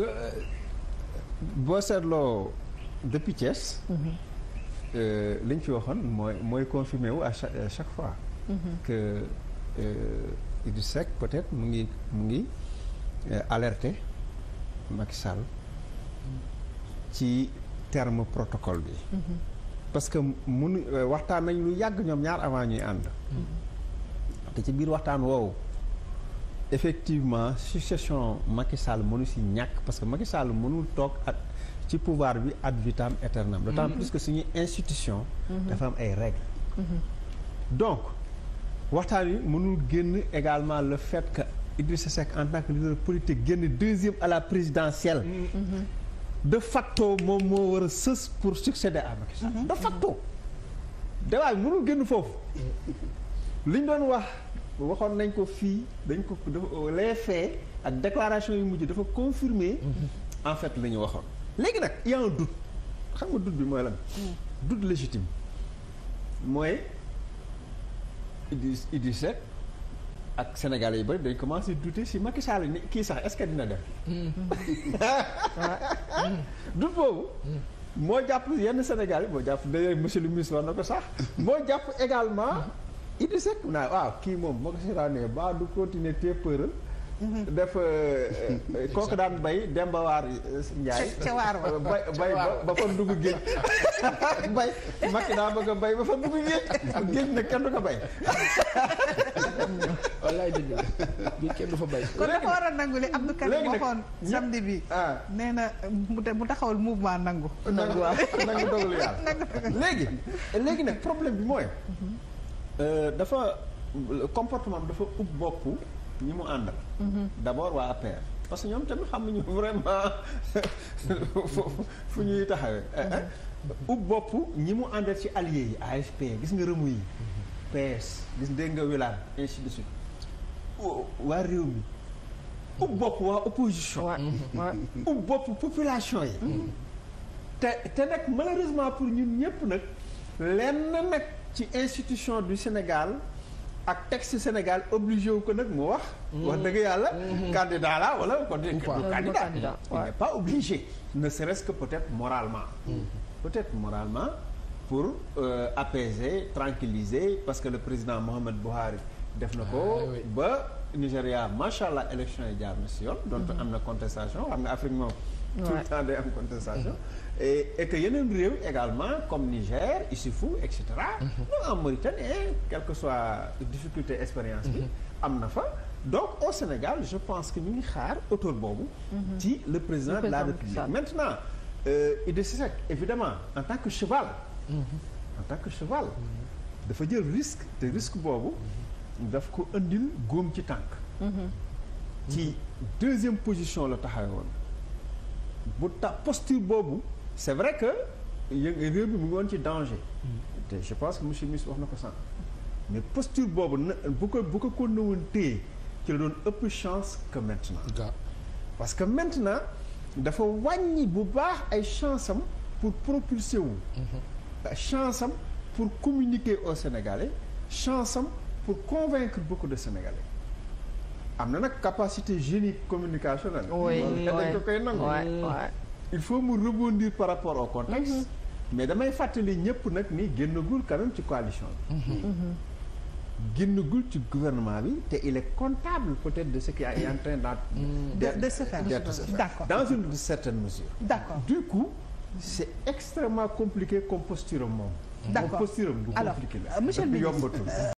Euh, boo seetloo depuis mhm. euh, liñ li waxoon mooy mooy confirmé wu à chaque fois. Mhm. que euh, Idy Seck peut mu ngi mu ngi alerte Macky ci terme protocole bi. Mhm. parce que munu waxtaan nañ lu yàgg ñoom ñaar avant ñuy ànd. te ci biir waxtaan woowu. effectivement succession Macky Sall mënu si ñàkk parce que Macky Sall mënul toog ak ci pouvoir bi ad vitam aeternam d'autant mm-hmm. plus que suñuy institution mm-hmm. dafa am ay règles mm-hmm. donc waxtaan wi mënul génn également la fait que se Seck en tant que politique génn deuxième à la présidentielle de facto moom moo war a sës pour succéder à Macky de facto débat bi mënul génn foofu liñ doon wax waxoon nañ ko fii dañ ko dafa euh, les faits ak déclaration yu mujj dafa confirmer en fait la ñu waxoon léegi nag y a un xam nga doute bi mooy lan hmm. doute légitime mooy Idriss Idriss Seck ak Sénégalais yi bari dañ commencé douter si Macky Sall ni kii sax est-ce que dina def hmm. doute boobu hmm. moo jàpp yenn Sénégal yi moo jàpp d'ailleurs monsieur le ministre war na ko sax moo jàpp également Idi Seck naa waaw kii moom moo ko seetaanee baa du continuer te përal mhm. def euh, euh, kooku daan bay Demba Waar euh, Ndiaye. ca waar wa bay ba fa dugg géej. bay Macky daa bëgg a bay ba fa dugg géej géej nag kenn du ko bay. wallaay dëgg la géej kenn du fa bay. kon dafa war a nangu li Abdou Karim waxoon samedi bi. Ah. nee mu taxawal mouvement nangu. nangu waaw nangu dogalu yàlla. léegi léegi nag problème bi mooy. Mhm. Euh, dafa comportement bi dafa ub bopp ñi mu àndal. Mm-hmm. d'abord waa APR parce que ñoom tamit xamuñu vraiment fu ñuy taxawee. Eh, eh, mm-hmm. ub bopp ñi mu àndal ci allié yi AFP gis nga rëmu yi. Mm-hmm. PS gis nga wilaan ainsi de suite waa réew mi ub bopp waa opposition. ub bopp population yi. te te nag malheureusement pour ñun ñëpp nag. lenn nag ci institution du Sénégal ak texte Sénégal obligé wu ko nag moo wax. Mm-hmm. wax dëgg yàlla. Mm-hmm. candidat la wala kon du candidat il n'est pas obligé. ne serait que peut-être moralement. Mm-hmm. peut-être moralement pour euh, apaiser tranquilliser parce que le président Mohamed Buhari def na ko ah, ba. Nigéria macha allah élection yi jaar na si yoon. Mm-hmm. donc am na contestation xam nga Afrique moom. tout am contestation. Mm-hmm. et et yeneen réew également comme Niger Issoufou et cetera. Mm-hmm. non en Mauritanie quelle que soit difficulté expérience bi. am na fa donc au Sénégal je pense que ñu ngi xaar autour boobu. ci le président de la République maintenant euh, Idrissa Seck évidemment en tant que cheval. en tant que cheval. dafa jël risque te risque boobu. daf ko indil góom ci tànk mhm. ci deuxième position la woon bu ta posture boobu c'est vrai que réew bi mu ngi woon ci danger mhm. te je pense que monsieur le wax na ko sànq mais posture boobu na bu ko bu ko ko nawoon téye ci la doon ëpp chance que maintenant parce que maintenant dafa wàññi bu baax ay chance am pour propulser wu mhm. chance am pour communiquer aux Sénégalais chance am pour convaincre beaucoup de Sénégalais am na nag capacité génie communicationnelle. oui dañ ko koy nangu. il faut mu rebondir par rapport au contexte. Mm-hmm. mais damay fàttali ñëpp nag ni génnagul quand même ci coalition bi. Mm-hmm. Mm-hmm. génnagul ci gouvernement bi te il est comptable peut-être de ce qui est en mm. de de se faire d'accord dans une certaine mesure. d'accord du coup c'est extrêmement compliqué comme posture moom. d'accord moom posture am compliqué la. alors monsieur le ministre